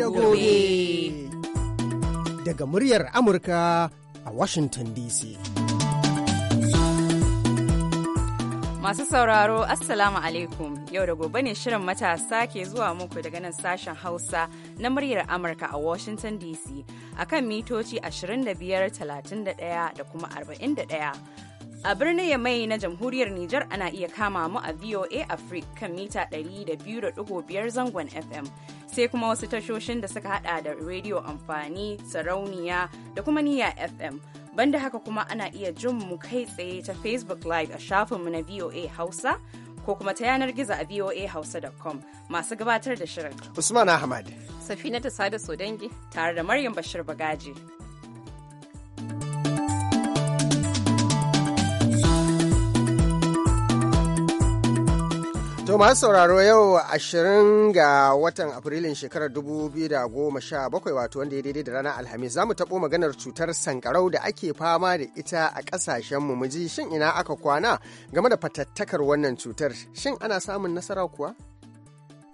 da gobe. Daga muryar Amurka a Washington DC. Masu sauraro, Assalamu alaikum. Yau da gobe ne shirin matasa ke zuwa muku daga nan sashen Hausa na muryar Amurka a Washington DC a kan mitoci 25, 31 da kuma 41. A birnin Yamai na Jamhuriyar Nijar ana iya kama mu a VOA Africa kan mita 200.5 zangon FM. sai kuma wasu tashoshin da suka hada da rediyo amfani sarauniya da kuma niya fm banda haka kuma ana iya jin mu kai tsaye ta facebook live a shafinmu na voa hausa ko kuma ta yanar gizo a voahausa.com masu gabatar da shirin usman ahmad safina ta sada sodangi tare da maryam bashir bagaji To masu sauraro yau ashirin ga watan Afrilun shekarar 2017 wato wanda ya daidai da ranar Alhamis za mu taɓo maganar cutar sankarau da ake fama da ita a ƙasashen mu ji shin ina aka kwana game da fatattakar wannan cutar shin ana samun nasara kuwa?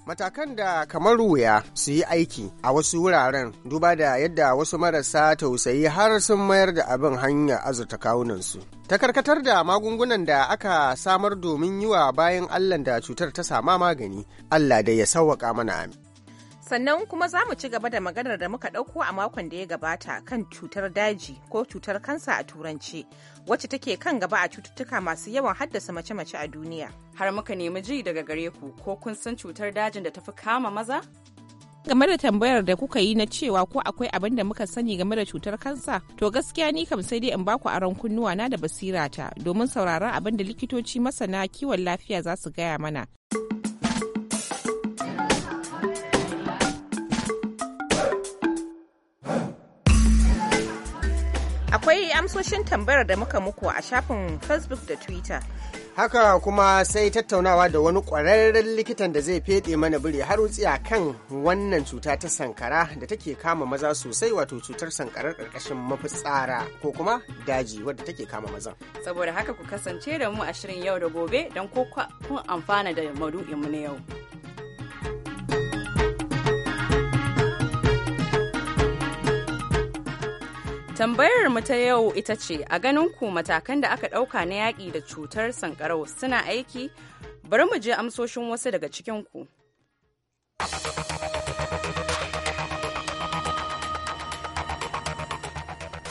matakan da kamar wuya su yi aiki a wasu wuraren duba da yadda wasu marasa tausayi har sun mayar da abin hanya azurta kawunansu ta karkatar da magungunan da aka samar domin yiwa bayan allah da cutar ta sama magani allah da ya sauwaka mana amin Sannan kuma za mu ci gaba da maganar da muka ɗauko a makon da ya gabata kan cutar daji ko cutar kansa a Turanci, wacce take kan gaba a cututtuka masu yawan haddasa mace-mace a duniya. Har muka nemi ji daga gare ku ko kun san cutar dajin da ta fi kama maza? game da tambayar da kuka yi na cewa ko akwai abin da muka sani game da cutar kansa to gaskiya ni kam sai dai in baku aron kunnuwa na da basirata domin sauraron abin da likitoci masana kiwon lafiya za su gaya mana. akwai amsoshin tambayar da muka muku a shafin facebook da twitter haka kuma sai tattaunawa da wani kwararren likitan da zai feɗe mana biri har wutsiya kan wannan cuta ta sankara da take kama maza sosai wato cutar sankarar karkashin mafitsara ko kuma daji wadda take kama maza saboda haka ku kasance da mu a shirin yau da gobe don ko kun amfana da mu na yau Tambayar mu ta yau ita ce a ganin ku matakan da aka ɗauka na yaƙi da cutar sankarau suna aiki bari mu je amsoshin wasu daga cikin ku.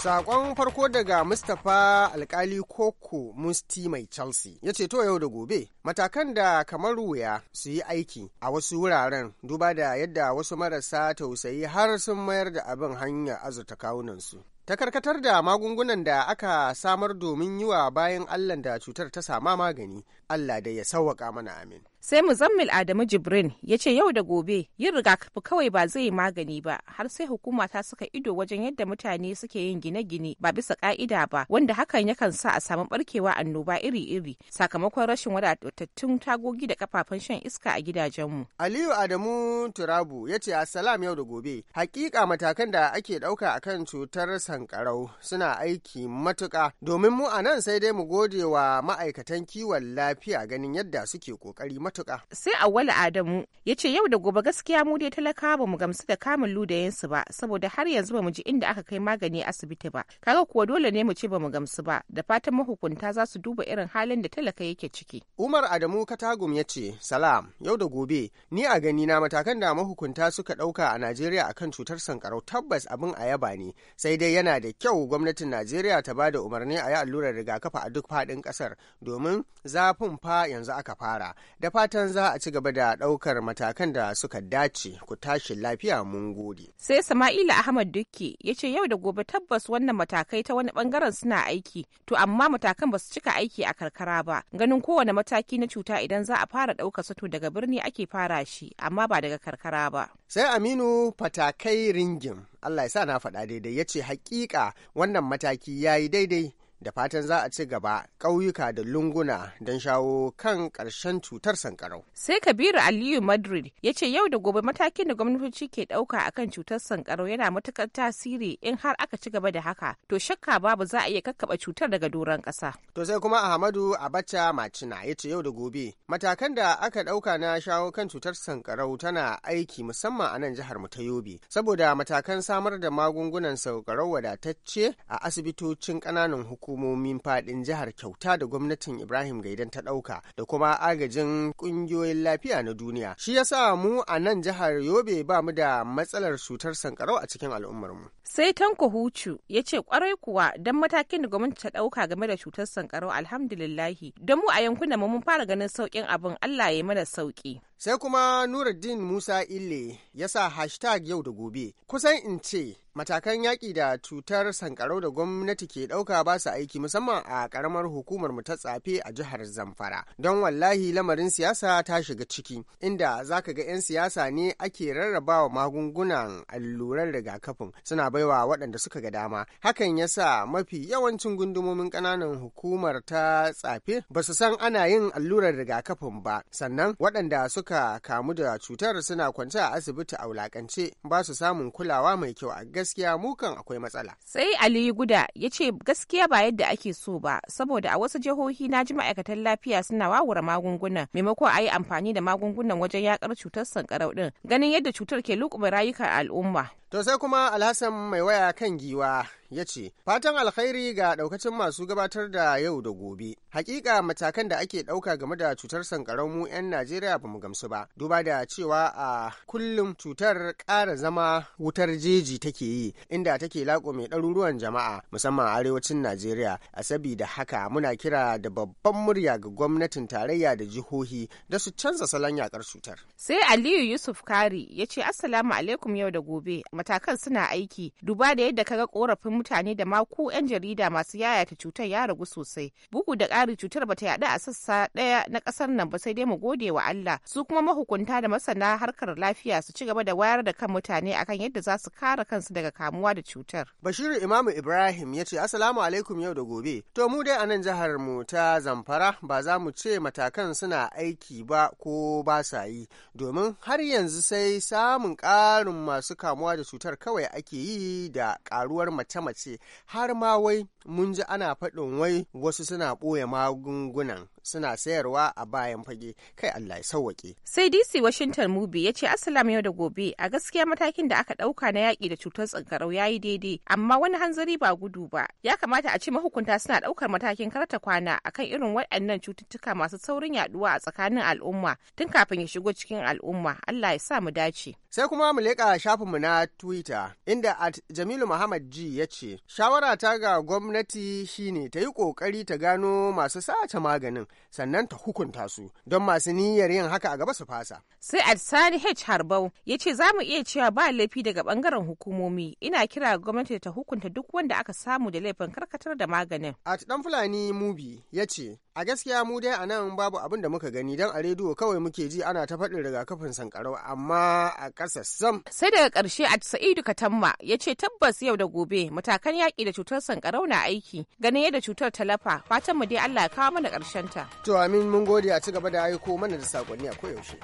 Sakon farko daga Mustapha Alkali Koko Musti mai Chelsea ya ce to yau da gobe matakan da kamar wuya su yi aiki a wasu wuraren duba da yadda wasu marasa tausayi har sun mayar da abin hanyar azurta kawunansu. ta karkatar da magungunan da aka samar domin yi wa bayan allah da cutar ta sama magani allah da ya sauwaka mana amin sai muzammil adamu jibrin ya ce yau da gobe yin rigakafi kawai ba zai magani ba har sai hukuma ta suka ido wajen yadda mutane suke yin gine-gine ba bisa ka'ida ba wanda hakan yakan sa a samu barkewa annoba iri-iri sakamakon rashin wadatattun tagogi da kafafen shan iska a gidajenmu aliyu adamu turabu ya ce assalam yau da gobe hakika matakan da ake dauka akan cutar sankarau suna aiki matuka domin mu a nan sai dai mu gode wa ma'aikatan kiwon lafiya ganin yadda suke kokari matuka. Sai Auwalu Adamu ya ce yau da gobe gaskiya mu dai talakawa ba mu gamsu da kamun ludayensu ba saboda har yanzu ba mu ji inda aka kai magani asibiti ba. Kaga kuwa dole ne mu ce ba mu gamsu ba da fatan mahukunta za su duba irin halin da talaka yake ciki. Umar Adamu Katagum ya ce salam yau da gobe ni a gani na matakan da mahukunta suka ɗauka a Najeriya akan cutar sankarau tabbas abin a yaba ne sai dai yana da kyau gwamnatin Najeriya ta ba da umarni a yi allurar rigakafi a duk faɗin ƙasar domin zafin fa yanzu aka fara da fatan za a ci gaba da ɗaukar matakan da suka dace ku tashi lafiya mun gode. Sai Sama'ila Ahmad Dukke ya ce yau da gobe tabbas wannan matakai ta wani bangaren suna aiki to amma matakan ba su cika aiki a karkara ba ganin kowane mataki na cuta idan za a fara ɗaukar sato daga birni ake fara shi amma ba daga karkara ba. Sai Aminu Fatakai ringin Allah ya sa na faɗa daidai ya ce hakika wannan mataki ya yi daidai da fatan za a ci gaba ƙauyuka da lunguna don shawo kan ƙarshen cutar sankarau. Sai Kabiru Aliyu Madrid ya ce yau da gobe matakin da gwamnatoci ke ɗauka a kan cutar sankarau yana matuƙar tasiri in har aka ci gaba da haka to shakka babu za a iya kakkaɓa cutar daga doron ƙasa. To sai kuma Ahmadu Abacha Macina ya ce yau da gobe matakan da aka ɗauka na shawo kan cutar sankarau tana aiki musamman a nan jihar mu ta Yobe saboda matakan samar da magungunan sankarau wadatacce a asibitocin ƙananan hukumar. hukumomin fadin jihar kyauta da gwamnatin Ibrahim Gaidan ta dauka da kuma agajin kungiyoyin lafiya na duniya. Shi yasa mu a nan jihar Yobe ba mu da matsalar cutar sankarau a cikin al'ummarmu. sai tanko hucu ya ce kwarai kuwa don matakin da gwamnati ta dauka game da cutar sankarau alhamdulillahi don mu a yankunan mu mun fara ganin saukin abin allah ya mana sauki sai kuma nuruddin musa ille ya sa hashtag yau da gobe kusan in ce matakan yaƙi da cutar sankarau da gwamnati ke ɗauka ba su aiki musamman a ƙaramar hukumar mu ta tsafe a jihar zamfara don wallahi lamarin siyasa ta shiga ciki inda zaka ga 'yan siyasa ne ake rarrabawa magungunan allurar rigakafin suna bai baiwa waɗanda suka ga dama hakan ya sa mafi yawancin gundumomin ƙananan hukumar ta tsafe ba su san ana yin allurar rigakafin ba sannan waɗanda suka kamu da cutar suna kwance a asibiti a wulakance ba su samun kulawa mai kyau a gaskiya mukan akwai matsala sai ali guda ya ce gaskiya ba yadda ake so ba saboda a wasu jihohi na ji ma'aikatan lafiya suna wawura magungunan maimakon a yi amfani da magungunan wajen yakar cutar sankarau ɗin ganin yadda cutar ke lukuma rayukan al'umma Sosai kuma Alhassan mai waya kan giwa ya ce, Fatan alkhairi ga daukacin masu gabatar da yau da gobe. Hakika matakan da ake dauka game da cutar sankarau mu 'yan Najeriya ba mu gamsu ba. Duba da cewa a kullum cutar kara zama wutar jeji take yi, inda take lako mai ɗaruruwan jama'a musamman arewacin Najeriya. A sabida haka muna kira da babban murya ga gwamnatin tarayya da jihohi da su canza salon yakar cutar. Sai Aliyu Yusuf Kari ya ce Assalamu alaikum yau da gobe matakan suna aiki duba da yadda kaga korafin mutane da ma ku 'yan jarida masu yayata cutar ya ragu sosai. Bugu da ƙari cutar ba ta yaɗu a sassa ɗaya na ƙasar nan ba sai dai mu gode wa Allah. Su kuma mahukunta da masana harkar lafiya su ci gaba da wayar da kan mutane akan yadda za su kare kansu daga kamuwa da cutar. Bashiru Imamu Ibrahim ya ce Assalamu alaikum yau da gobe. To mu dai a nan jihar mu ta Zamfara ba za mu ce matakan suna aiki ba ko ba sa yi domin har yanzu sai samun ƙarin masu kamuwa da cutar kawai ake yi da ƙaruwar mace mace har ma wai mun ji ana faɗin wai wasu suna ɓoye magungunan suna sayarwa a bayan fage kai Allah ya sauwake. Sai DC Washington Mubi ya ce Assalam yau da gobe a gaskiya matakin da aka ɗauka na yaƙi da cutar tsankarau ya yi daidai amma wani hanzari ba gudu ba ya kamata a ce mahukunta suna ɗaukar matakin karta kwana akan irin waɗannan cututtuka masu saurin yaɗuwa a tsakanin al'umma tun kafin ya shigo cikin al'umma Allah ya sa mu dace. Sai kuma mu leƙa shafinmu na Twitter inda at Jamilu Muhammad G ya ce shawara ta ga gwamnati shine ta yi ƙoƙari ta gano masu sace maganin sannan ta hukunta su don masu niyyar yin haka a gaba su fasa. Sai Sani H. Harbau ya ce za mu iya cewa ba laifi daga bangaren hukumomi ina kira gwamnati ta hukunta duk wanda aka samu da laifin karkatar da maganin. At dan Fulani Mubi ya ce a gaskiya mu dai a nan babu abin da muka gani don a rediyo kawai muke ji ana ta faɗin rigakafin sankarau amma a ƙasa sam. sai daga ƙarshe a sa'idu katamma ya ce tabbas yau da gobe matakan yaƙi da cutar sankarau na aiki ganin yadda cutar ta lafa fatan mu dai allah ya kawo mana ƙarshen ta. to amin mun gode a ci gaba da aiko mana da saƙonni a koyaushe.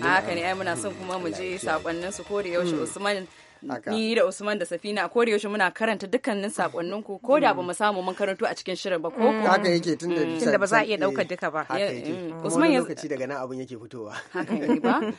haka ne ai muna son kuma mu je sakonninsu koda ko da yaushe hmm. usman ni da Usman da Safina ko da yaushe muna karanta dukkanin sakonnin ku ko da mu samu mun karanto a cikin shirin ba ko mm. haka yake tunda mm. tunda ba za a iya daukar duka ba eh, mm. Usman yanzu lokaci daga nan abun yake fitowa haka ne ba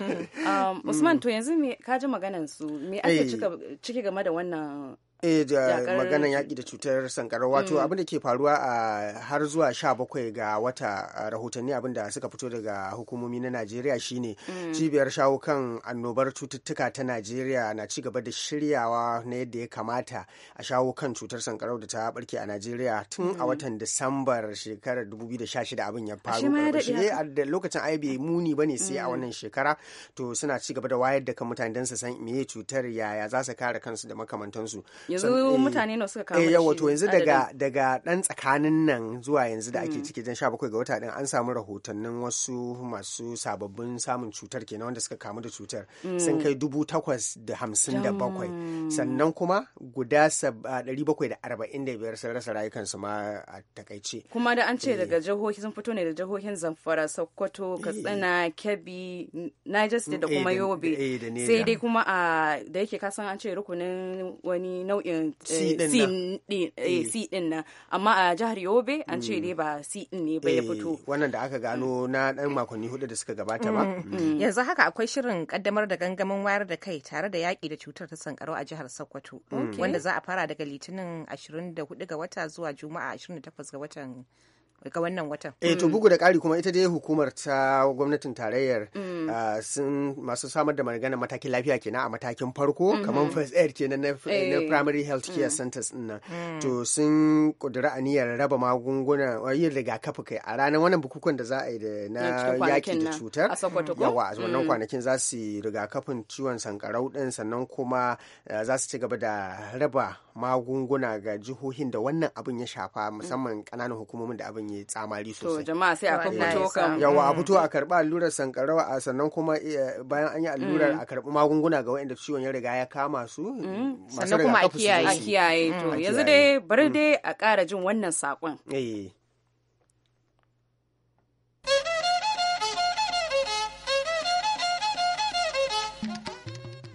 um, Usman to yanzu me ka ji maganan su me ake eh. cika cike game da wannan eh da maganan yaƙi da cutar sankara mm. wato mm. abin ke faruwa a har zuwa sha bakwai ga wata uh, rahotanni abin da suka fito daga hukumomi na najeriya shine mm. cibiyar shawo kan annobar cututtuka ta najeriya na ci gaba da shiryawa na yadda ya kamata a shawo kan cutar sankarau da ta barke a najeriya tun mm. a watan disambar shekarar 2016 abin ya faru da lokacin ai bai muni bane sai a mm. wannan shekara to suna ci gaba da wayar da kan mutane don su san meye cutar yaya za su kare kansu da makamantansu yanzu eh, mutane nawa suka kawo eh yawa to yanzu daga daga dan tsakanin nan zuwa yanzu da ake mm. ciki dan 17 ga wata din an samu rahotannin wasu masu sababbin samun cutar kenan wanda suka kamu da cutar sun mm. kai dubu takwas da hamsin da bakwai sannan kuma guda ɗari bakwai da arba'in da biyar sun rasa rayukansu ma a takaice kuma da an ce daga eh. jihohi sun fito ne da jihohin zamfara sokoto eh. katsina kebbi niger state da mm, kuma yobe sai dai kuma a da yake kasan an ce rukunin wani nau'in nau'in C eh, din eh, eh. nan amma a jihar Yobe an ce mm. dai ba C din ne ba ya fito wannan da aka gano na dan makonni hudu da suka gabata ba mm, mm. yanzu haka akwai shirin kaddamar da gangamin wayar da kai tare da yaki da cutar ta sankarau a jihar Sokoto wanda za a fara daga Litinin 24 ga wata zuwa Juma'a 28 ga watan ga wannan watan. Eh to mm. bugu da ƙari kuma ita dai hukumar ta gwamnatin tarayyar mm. ah, sun masu samar da magana matakin lafiya kenan a matakin farko mm-hmm. kamar first aid kenan na eh. primary health mm. care centers din nan. To sun kudura aniyar raba magunguna yin rigakafi kai a ranar wannan bukukuwan da za a yi da na yaki da cutar. A wannan kwanakin za su rigakafin ciwon sankarau din sannan kuma eh, za su ci gaba da raba magunguna ga jihohin da wannan abin ya shafa mm. musamman kananan hukumomin da abin ya yi tsamari sosai. To jama'a sai a fito kan. Yawa a mm. fito a karɓi allurar sankarau a sannan kuma eh, bayan an yi allurar mm. a karɓi magunguna ga waɗanda ciwon ya riga ya kama su. Sannan kuma a kiyaye. To yanzu dai bari dai a ƙara jin wannan saƙon. Eh.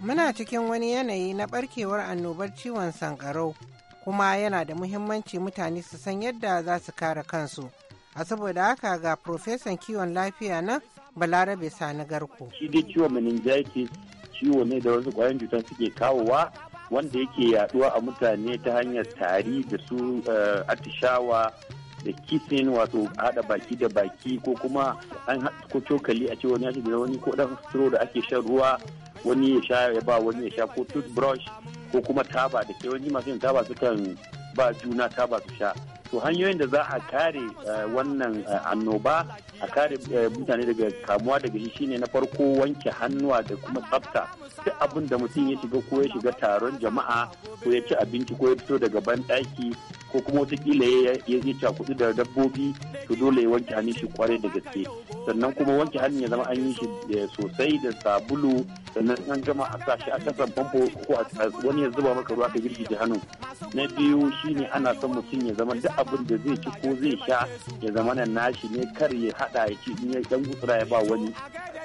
Muna cikin wani yanayi na barkewar annobar ciwon sankarau kuma yana da muhimmanci mutane su san yadda za su kare kansu. A saboda haka ga Profesan kiwon lafiya na Balarabe Sani Garko. Shi dai ciwon meningitis ciwo ne da wasu ƙwayan cutar suke kawowa wanda yake yaduwa a mutane ta hanyar tari da su eh, atishawa da kisin wato hada baki da baki ko kuma an ko cokali a ce wani da wani ko dan stro da ake shan ruwa wani ya sha ya ba wani ya sha ko toothbrush ko kuma taba da ke wani masu yin taba sukan ba juna taba su sha to hanyoyin da za a kare eh, wannan eh, annoba a kare eh, mutane daga kamuwa daga shi shine na farko wanke hannuwa da kuma tsafta duk abin da mutum ya shiga ko ya shiga taron jama'a ko ya ci abinci ko ya fito daga banɗaki ko kuma wataƙila ya yi kuɗi da dabbobi to dole ya wanke hannun shi kwarai da gaske sannan kuma wanke hannun ya zama an yi shi sosai da sabulu sannan an gama a sa shi a kasan famfo ko wani ya zuba maka ruwa ka girgije hannun na biyu shine ana son mutum ya zama duk abin da zai ci ko zai sha ya zama nan nashi ne kar ya hada ya ci in ya dan gutsura ya ba wani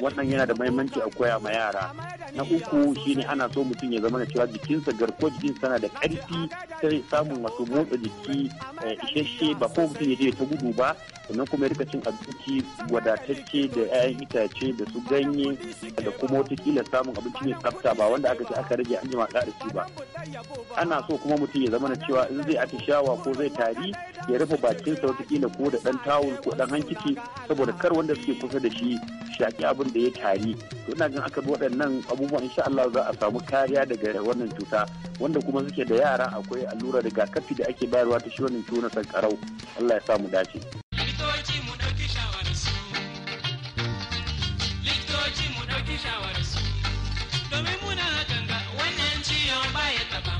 wannan yana da mahimmanci a koya ma yara na uku shine ana so mutum ya zama da cewa jikinsa garko jikin sana da karfi sai samun wasu motsa jiki eh, isasshe ba ko mutum ya je ta gudu ba sannan kuma ya rika cin abinci wadatacce da 'ya'yan itace da su ganye da kuma wata kila samun abinci mai tsafta ba wanda aka ce aka rage an jima ƙara ba ana so kuma mutum ya zama na cewa in zai atishawa ko zai tari ya rufe bakinsa kila ko da dan tawul ko dan hankici saboda kar wanda suke kusa da shi shaƙi abin da ya tari to ina gan aka bi waɗannan abubuwan insha Allah za a samu kariya daga wannan cuta wanda kuma suke da yara akwai daga rigakafi da ake bayarwa ta shi wannan cuta na sankarau Allah ya mu dace. Likitoci mu ɗauki shawararsu domin muna wannan ciyon baya taba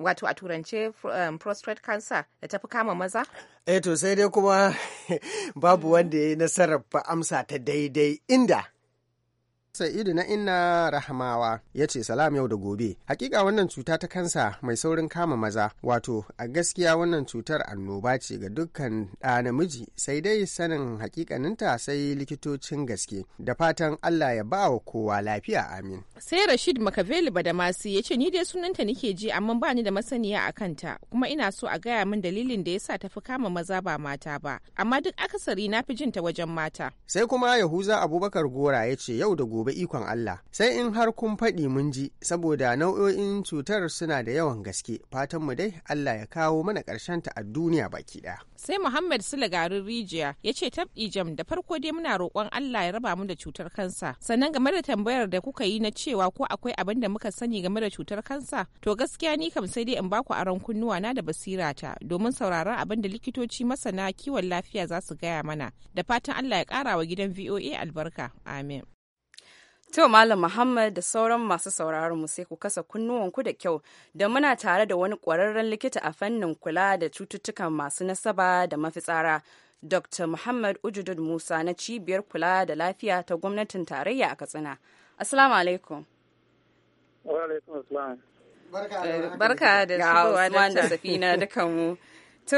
wato a turance um, prostate cancer da tafi kama maza? Eh to sai dai kuma babu wanda ya yi nasarar amsa ta daidai inda Sa'idu na Inna Rahamawa ya ce salam yau da gobe. Hakika wannan cuta ta kansa mai saurin kama maza wato a gaskiya wannan cutar annoba ce ga dukkan ɗa namiji sai dai sanin hakikaninta sai likitocin gaske da fatan Allah ya ba wa kowa lafiya amin. Sai Rashid Makaveli masu ya ce ni dai sunanta nike ji amma ba ni da masaniya a kanta kuma ina so a gaya min dalilin da yasa ta fi kama maza ba mata ba amma duk akasari na fi jinta wajen mata. Sai kuma Yahuza Abubakar Gora ya ce yau da gobe gobe ikon Allah. Sai in har kun faɗi mun ji saboda nau'o'in cutar suna da yawan gaske fatan mu dai Allah ya kawo mana ƙarshen ta a duniya baki ɗaya. Sai Muhammad Sule garin rijiya ya ce tabɗi jam da farko dai muna roƙon Allah ya raba mu da cutar kansa. Sannan game da tambayar da kuka yi na cewa ko akwai abin da muka sani game da cutar kansa to gaskiya ni kam sai dai in ba ku aron kunnuwa na da basira ta domin sauraron abin da likitoci masana kiwon lafiya za su gaya mana da fatan Allah ya ƙara wa gidan VOA albarka. Amin. To Malam Muhammad da sauran masu sauraron mu sai ku kasa kunnuwanku da kyau da muna tare da wani ƙwararren likita a fannin kula da cututtukan masu nasaba da mafitsara. Dr. Muhammad Ujudud Musa na cibiyar kula da lafiya ta gwamnatin tarayya a Katsina. Assalamu alaikum. Eh, barka da shigowa da safina dukanmu. To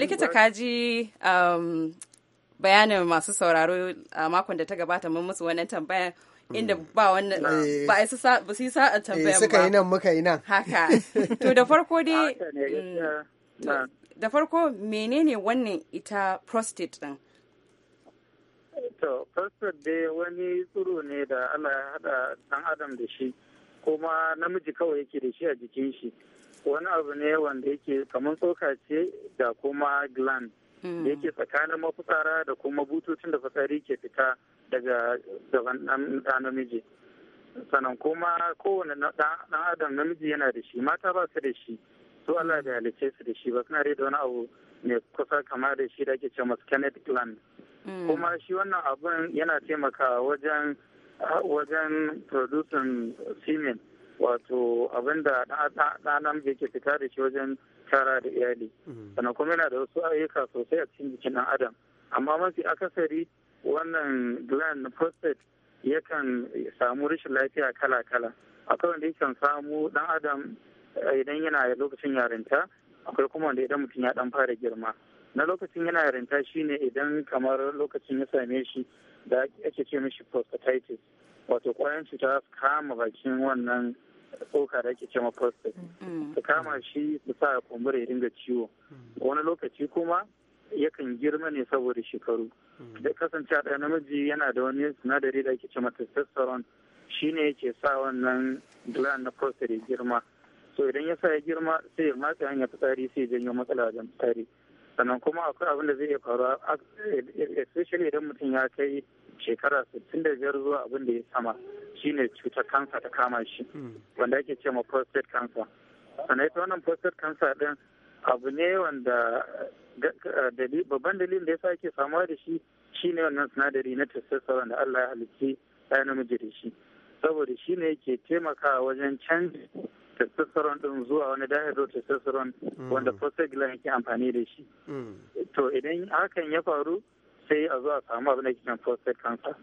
likita kaji um, bayanin masu sauraro a makon da ta gabata mun musu wannan tambayar inda ba wannan eh. ba su ba su sa'a tambayan eh, ba suka yi nan muka yi nan haka to da farko dai mm, da farko menene wannan ita prostate din to prostate dai wani tsuro ne da ana hada dan adam da shi kuma namiji kawai yake da shi a jikin shi wani abu ne wanda yake kamar tsoka ce da kuma gland da yake tsakanin mafitsara da kuma bututun da fitsari ke fita daga gaban ɗan namiji sannan kuma kowane ɗan adam namiji yana da shi mata ba su da shi su Allah da halice su da shi ba suna da wani abu mai kusa kama da shi da ake ce masu kenneth gland mm. kuma shi wannan abun yana taimakawa wajen wajen producing semen wato abin da ɗan namiji ke fita da shi wajen tara da iyali mm-hmm. sannan kuma yana da wasu ayyuka sosai a cikin jikin ɗan adam amma mafi akasari wannan gland na prostate yakan samu rashin lafiya kala-kala akwai wanda yakan samu ɗan adam eh, idan yana lokacin yarinta akwai kuma wanda idan mutum ya dan fara girma na lokacin yana yarinta shine idan kamar lokacin ya same shi da ake ce mishi prostatitis wato kwayan cuta kama bakin wannan tsoka da ake cewa prostate ta mm. kama shi su sa kumbura ya dinga ciwo mm. wani lokaci kuma yakan girma ne saboda shekaru mm. da kasance ɗaya namiji yana da wani sinadari da ake cewa testosterone ne yake sa wannan gland na prostate ya girma so idan ya sa ya girma sai ya matsa hanyar fitsari sai ya janyo matsala wajen fitsari sannan kuma akwai abin da zai iya faruwa especially idan mutum ya kai shekara 65 zuwa abin da ya sama shine cutar kansa ta kama shi wanda ake ce ma prostate cancer sannan ita wannan prostate cancer din abu ne wanda babban dalilin da ya sake ake samuwa da shi shine wannan sinadari na testosterone da Allah ya halitti ya namiji da shi saboda shi ne yake taimakawa wajen canza testosterone din zuwa wani dihydro testosterone wanda mm. prostate gland yake amfani da shi mm. to idan hakan ya faru sai a zo a samu abin da ke prostate cancer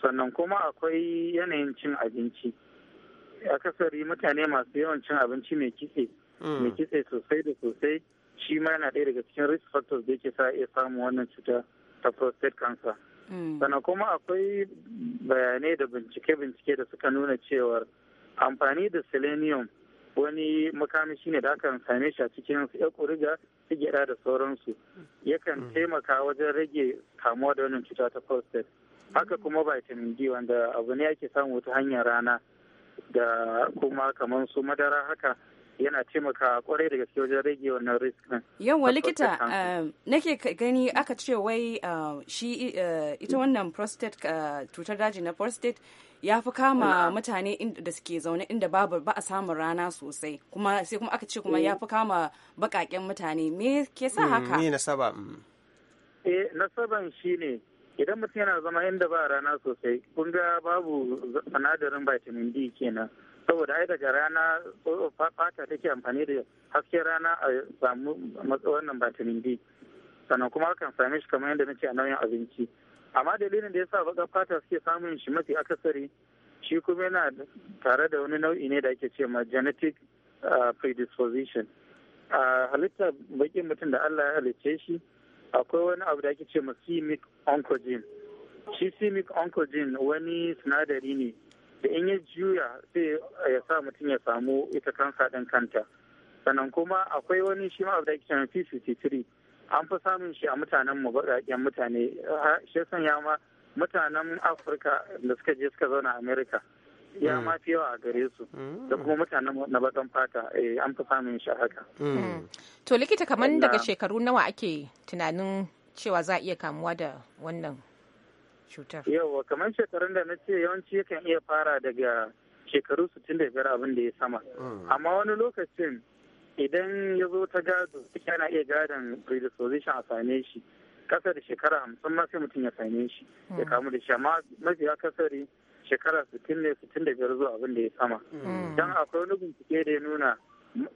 sannan kuma akwai yanayin cin abinci akasari mutane masu yawan cin abinci mai kitse hmm. mai kitse sosai da sosai shi ma yana ɗaya daga cikin risk factors da yake sa iya samun wannan cuta ta prostate cancer hmm. sannan kuma akwai bayanai da bincike-bincike da suka nuna cewar amfani da selenium wani makamashi ne da akan same shi a cikin ya kuriga su gyaɗa da sauransu yakan mm. taimaka wajen rage kamuwa da wannan cuta ta prostate haka mm. kuma vitamin d wanda abu ne ake samu wata hanyar rana da kuma kamar su madara haka yana taimaka kwarai da gaske wajen rage wannan risk din. Yawwa likita eh, nake gani aka ce wai eh, shi eh, ita mm. wannan prostate cutar daji na prostate ya fi kama mutane da suke zaune inda babu ba a samun rana sosai kuma sai kuma aka ce kuma ya eh. fi kama bakaken mutane me ke sa mm, haka mm. eh nasaban shine idan mutum yana zama inda ba rana sosai kun ga babu sinadarin vitamin D kenan saboda ai daga rana fata take amfani da hasken rana a samu nan vitamin D sannan kuma akan same shi kamar yadda nake a nauyin abinci amma dalilin da ya sa baka fata suke samun shi mafi akasari shi kuma yana tare da wani nau'i ne da ake ce ma genetic uh, predisposition a halitta bakin mutum da Allah ya halicce shi akwai wani abu da ake ce ma simic oncogene shi simic oncogene wani sinadari ne da in ya juya sai ya sa mutum ya samu ita kansa ɗin kanta sannan kuma akwai wani shi ma abu da ake ce ma p53 an fi samun shi a mutanen mu baƙaƙen mutane shi sanya ma mutanen afirka da suka je suka zauna amerika ya mm. ma fi yawa a gare su da mm. kuma mutanen na baƙan fata eh, an fi samun shi haka mm. to likita kamar daga shekaru nawa ake tunanin cewa za a iya kamuwa da wannan cutar yawa kamar shekarun da na ce yawanci yakan iya fara daga shekaru 65 abin da ya sama amma wani lokacin idan ya zo ta gado yana iya gadon predisposition a same shi kasa da shekara hamsin ma sai mutum ya same shi ya hmm. kamu da shi amma mafi akasari shekara sittin ne sittin da biyar zuwa abin da ya sama hmm. don akwai wani bincike da ya nuna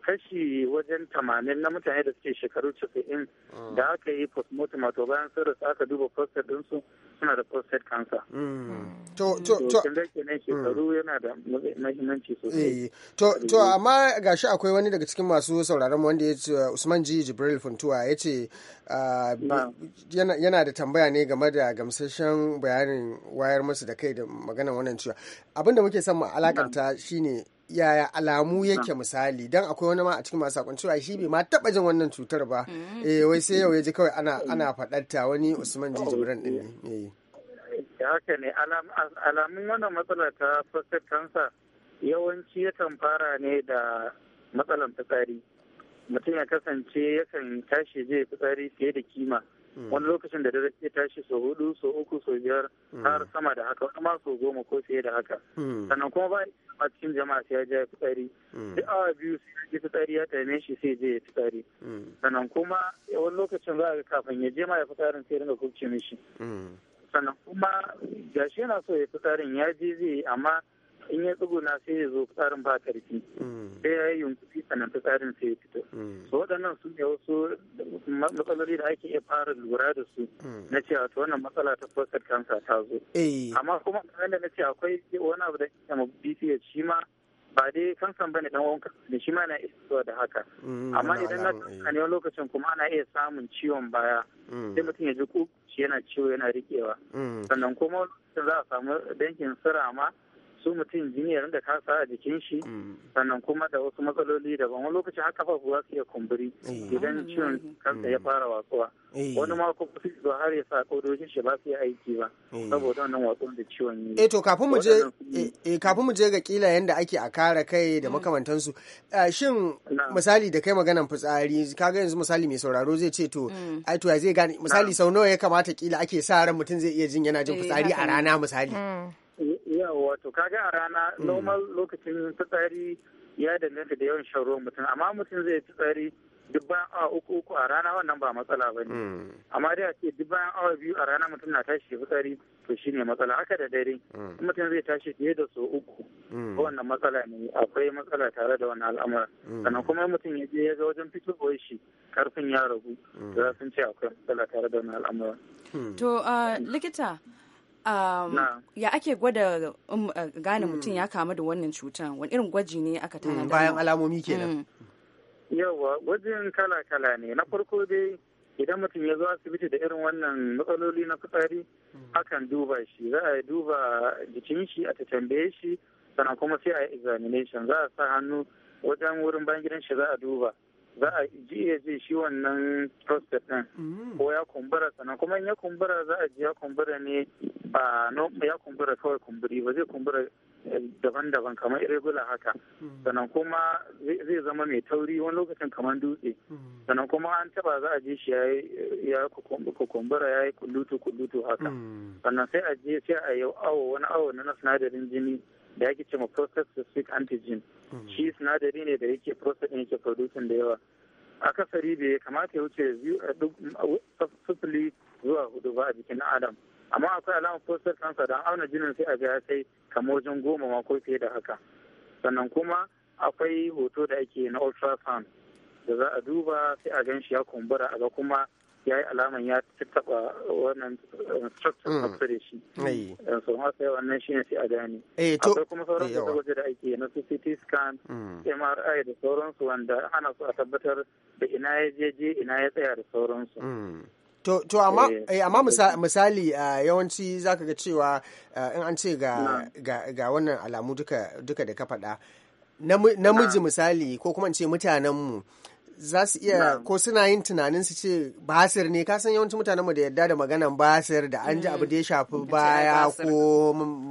kashi wajen tamanin na mutane da suke shekaru casa'in da ah. aka yi postmortem wato bayan sun rasu aka duba prostate ɗinsu suna da prostate cancer. Hmm. Hmm. To to to. Hmm. shekaru yana da mahimmanci sosai. Eh, to to amma gashi akwai wani daga cikin masu sauraron wanda ya ce uh, Usman Ji Jibril Funtuwa ya ce uh, yana da tambaya ne game da gamsashen bayanin wayar musu da kai da maganar wannan cewa abinda muke son mu alakanta shine yaya alamu ah. yake misali dan akwai wani ma a cikin masu sakon cewa shi bai ma taba jin wannan cutar ba mm. eh wai sai yau ya ji kawai ana mm. ana fadarta wani Usman Jijibiran din ne oh, eh. Eh, haka ne alamun wannan matsala ta prostate cancer yawanci yakan fara ne da matsalan fitsari mutum ya kasance yakan tashi zai fitsari fiye da kima Mm. wani lokacin da dare ya tashi sau hudu sau uku sau biyar mm. har sama da haka wani ma sau goma ko fiye da haka mm. sannan kuma ba a cikin jama'a sai ya je fitsari duk awa biyu sai ya fitsari ya taime shi sai zai ya fitsari sannan kuma wani lokacin za a ga kafin ya je ma ya fitsarin sai ringa kubce mishi sannan kuma gashi yana so ya fi tsarin ya je zai amma in ya tsuguna sai ya zo tsarin ba karfi mm. sai ya yi yunkuri sannan tsarin sai ya fito mm. so waɗannan su ne wasu matsaloli da ake iya fara lura da su mm. na cewa to wannan matsala ta prostate kansa ta zo eh. amma kuma kamar da na ce akwai wani abu da ke kama bph shi ma ba dai kansan bane dan wanka da shi ma na iya fitowa da haka amma idan na eh. a ne lokacin kuma ana iya samun ciwon baya sai mutum ya ji ku shi yana ciwo yana riƙewa sannan kuma za a samu dangin sirama su mutum jini ya ka sa a jikin shi mm. sannan kuma da wasu matsaloli daban wani lokaci haka fa za su iya kumburi eh. idan ciwon kansa ya mm. fara watsuwa eh. wani ma kuma su zo har ya sa kodoshin shi ba su yi aiki ba eh. saboda wannan watsun da ciwon yi eh to kafin mu je kafin mu je ga kila yanda ake a kare kai da mm. makamantansu shin misali da kai maganan fitsari kaga yanzu misali mai sauraro zai ce to ai to zai gane misali sau nawa ya kamata kila ake sa ran mutum zai iya jin yana jin fitsari a rana misali yawa to kaga a rana mm. normal lokacin fitsari ya danganta da yawan shan ruwan mutum amma mutum zai fitsari duk bayan awa uku uku a rana wannan ba matsala ba ne mm. amma dai a ce duk bayan awa biyu a rana mutum na tashi fitsari to shi ne matsala haka da dare mm. mutum zai tashi fiye da so uku wannan matsala ne akwai matsala tare da wannan al'amura sannan kuma mutum ya je ya ga wajen fitowar shi karfin ya ragu to sun ce akwai matsala tare da wannan al'amura hmm. to uh, likita Um, ya ake gwada um, uh, gane hmm. mutum ya kamu da wannan cutan wani irin gwaji ne aka hmm, tanada bayan alamomi kenan hmm. yawa gwajin kala-kala ne na farko dai idan mutum ya zo asibiti da irin wannan matsaloli na fitsari akan duba shi za a duba jikin shi a tambaye shi sannan kuma sai a yi examination za a sa hannu wajen wurin bayan gidan shi za a duba za a ji ya shi wannan prostate din mm. ko ya kumbura sannan kuma in ya kumbura za a ji ya kumbura ne ba ya kumbura kawai kumburi ba zai kumbura eh, daban-daban kamar irregular haka mm. sannan kuma zai zama mai tauri wani lokacin kamar dutse mm. sannan kuma an taba za a ji shi ya kumbura ya yi kullutu kullutu haka sannan sai a je sai a yi awo wani awo na sinadarin jini da yake cewa ma prostate specific antigen mm-hmm. shi sinadari ne da yake prostate yake producing da yawa akasari bai kamata ya wuce eh, sufuli zuwa hudu ba a jikin adam amma akwai alamar prostate cancer don auna jinin sai a ga sai kamar wajen goma ma ko fiye da haka sannan kuma akwai hoto da ake na ultrasound da za a duba sai a gan shi ya kumbura a ga kuma ya yi alaman ya taba wannan eh, structure of the shi. So ma sai wannan shi ne sai a gane. Eh, akwai kuma sauran eh, gwaje da ake na CT scan, MRI mm. da sauransu wanda ana so a tabbatar da ina ya je je ina ya tsaya da sauransu. Mm. To, to amma eh, misa, misali uh, yawanci ka ga cewa uh, in an ce ga, ga, ga wannan alamu duka, duka da ka faɗa namiji misali ko kuma in ce mutanenmu za su iya ko suna yin tunanin su ce basir ne ka san yawancin mutanen mu da yadda da magana basir da an ji abu da ya shafi mm. baya ko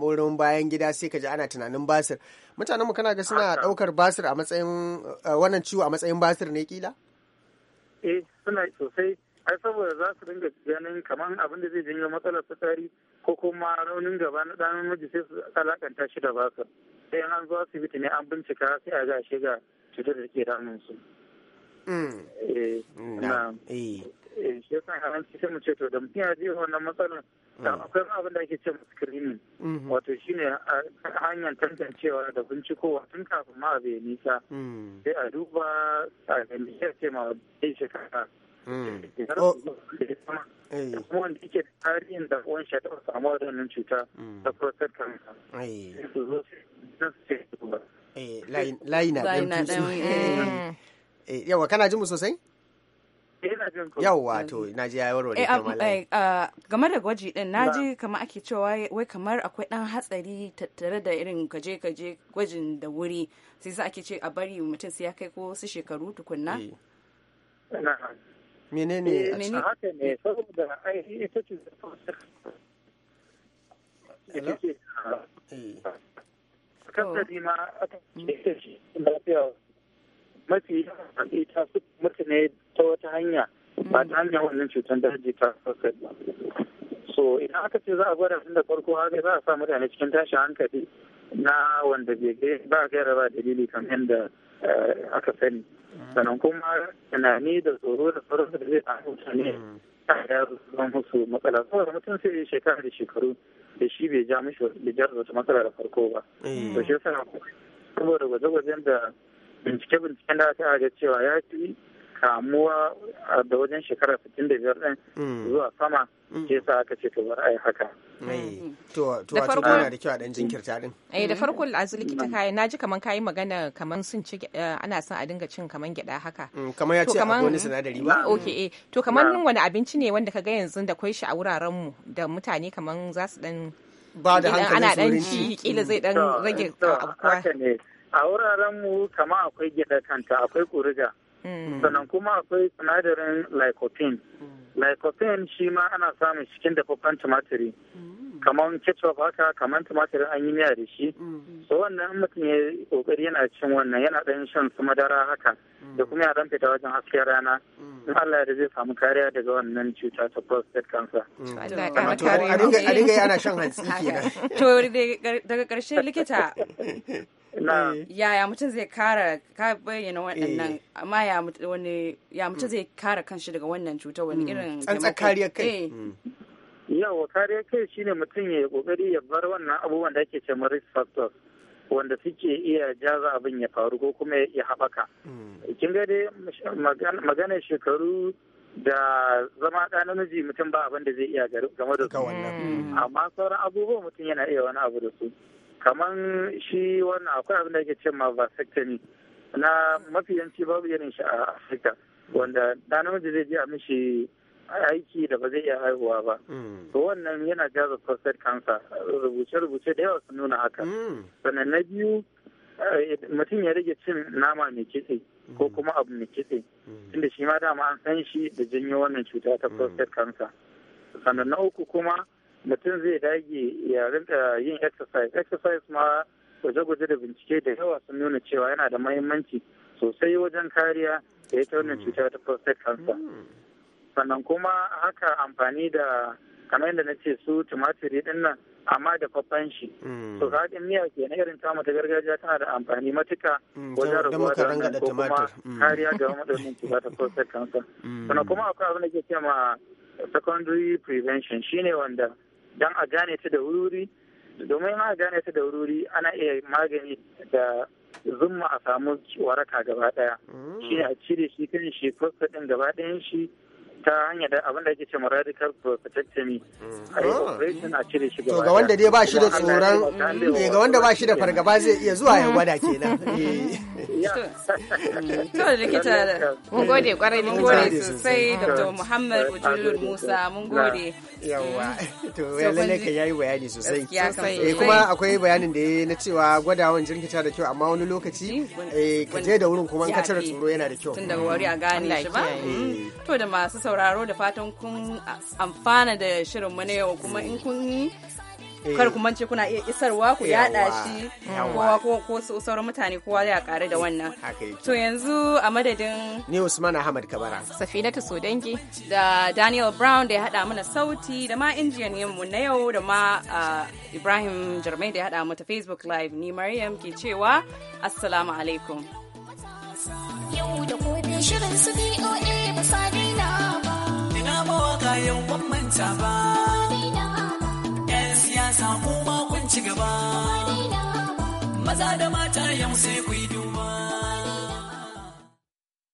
wurin bayan gida sai ka ji ana tunanin basir mutanen mu kana ga suna daukar basir a matsayin eh, wannan ciwo a matsayin basir ne kila eh suna sosai ai saboda za su dinga ganin kaman abin da zai janyo matsalar fitsari ko kuma raunin gaba na dan namiji sai su alakanta shi da basir sai an zo asibiti ne an bincika sai a ga shi ga cutar da ke damun su Eh, mm. na eh. eh, shi yasa a nan sai ce to da mutum ya je wannan matsalar da mm. akwai abin da ake ce screening mm-hmm. wato shine hanyar tantancewa da bincikowa tun kafin ma bai nisa mm. sai a duba a gani oh. ya ce ma wadda shekara kuma wanda yake tarihin da uwan shi wannan cuta ta prostate cancer layi na ɗan Eh, yawa kana jin mu sosai eh, yawwa to na ji yayi warware eh, um, uh, game da gwaji din na ji kama ake cewa wai kamar akwai dan hatsari tattare da irin kaje kaje gwajin da wuri sai sa ake ce a bari mutum sai ya kai ko su shekaru tukunna menene a cikin haka ne saboda ai ita ce ita ce kasari oh. ma aka ce lafiya mm. mafi yawan ta su mutu ne ta wata hanya ba ta hanyar wannan cutar daji ta kasar ba so idan aka ce za a gwada tun da farko haka za a sa mutane cikin tashi hankali na wanda bai ba gaira ba dalili kamar yadda eh, aka sani sannan kuma tunani da tsoro da tsoro da zai a mutane ta ya zuwa musu matsala saboda mutum sai ya shekara da shekaru da shi bai ja mishi bai wata matsala da farko ba eh. to shi saboda gwaje-gwajen da bincike bincike da aka ga cewa ya fi kamuwa da wajen shekara 65 ɗin mm. zuwa sama ke mm. sa aka ce to bar ai haka. To to da kyau a dan jinkirta din. Eh da farko mm. azu likita kai naji kaman kai magana kaman sun ci eh, ana son a dinga cin kaman gyada haka. Kaman ya ce a wani sinadari ba. Okay eh to kaman wani abinci ne wanda kaga yanzu da kwai shi a wuraren mu da mutane kaman za su dan ba da hankali ana dan ci kila zai dan rage abuwa a wuraren mu kama akwai gyaɗa akwai kuriga hmm. sannan kuma akwai sinadarin lycopene hmm. lycopene shi ma ana samun cikin dafaffen tumatiri hmm. kaman ketchup haka kaman tumatir an yi miya da shi mm. so wannan in mutum ya kokari yana cin wannan yana ɗan shan su madara haka mm. da kuma ya dan fita wajen hasken rana mm. in Allah da zai samu kariya daga wannan cuta ta prostate cancer a dinga yana shan hantsi kenan to daga karshe likita yaya mutum zai kara ka bayyana waɗannan eh. amma ya mutum zai kara kanshi daga wannan cuta wani irin tsantsar kariyar kai eh. yawa kariyar kai shine mutum ya kokari ya bar wannan abubuwan da ake ce risk factors wanda suke iya jaza abin ya faru ko kuma ya haɓaka hmm. kin ga dai magana shekaru da zama ɗan namiji mutum ba abin da zai iya game da su hmm. amma sauran abubuwan mutum yana iya wani abu da su kaman shi wannan akwai abin da ake ce ma vasectomy na mafi yanci babu irin shi a afirka wanda ɗan namiji zai je a mishi aiki da ba zai iya haihuwa ba mm. to wannan yana jaza prostate cancer rubuce-rubuce da yawa sun nuna haka mm. sannan na biyu eh, mutum ya rage cin nama mai kitse ko mm. kuma abu mai kitse inda shi ma dama an san shi da janyo wannan cuta ta prostate cancer sannan na uku kuma mutum zai dage ya rinka yin exercise exercise ma gwaje-gwaje da bincike da yawa sun nuna cewa yana da mahimmanci sosai wajen kariya da ita wannan cuta ta prostate cancer sannan kuma haka amfani da kamar yadda na ce su tumatiri din nan amma da faffan shi mm. to haɗin miya ke na irin tamu ta gargajiya tana da amfani matuka mm, wajen rabuwa da wannan ko kuma mm. kariya ga matsalolin cuta ta prostate cancer sannan kuma akwai abin da ke ce ma secondary prevention shine wanda dan a gane ta da wuri domin a gane ta da wuri ana iya magani da zumma a samu waraka gaba daya shi a cire shi kan shi prostate ɗin gaba ɗayan shi ta hanyar abin da ake cewa radical protectomy mm. a yi oh. operation a cire shi gaba ga wanda dai ba shi da tsoron eh, ga wanda ba shi da fargaba zai iya zuwa ya gwada kenan eh. to likita mun gode kwarai mun gode sosai dr muhammad ujulur musa mun gode Yawwa to lalle ka yayi bayani sosai eh kuma akwai bayanin da na cewa gwadawan jirkita da kyau amma wani lokaci eh ka je da wurin kuma in ka cire tsoro yana da kyau tun daga wari a gane shi ba mm. to da masu sauraro da fatan kun amfana da shirin mu na yau kuma in kun yi eh. kar ku ce kuna iya isarwa ku yada shi kowa ko sauran mutane kowa ya kare da wannan to yanzu a madadin ni Usman Ahmad Kabara ta Sodangi da Daniel Brown da ya hada mana sauti da ma injiniyan mu na yau da ma ah, Ibrahim Jarmai da ya hada mu ta Facebook live ni Maryam ke cewa assalamu alaikum yau da gobe shirin su BOA ba sa daina ba. Ina mawaka yau ban manta ba. Yan siyasa kuma kun ci gaba. Maza da mata yau sai ku yi duba.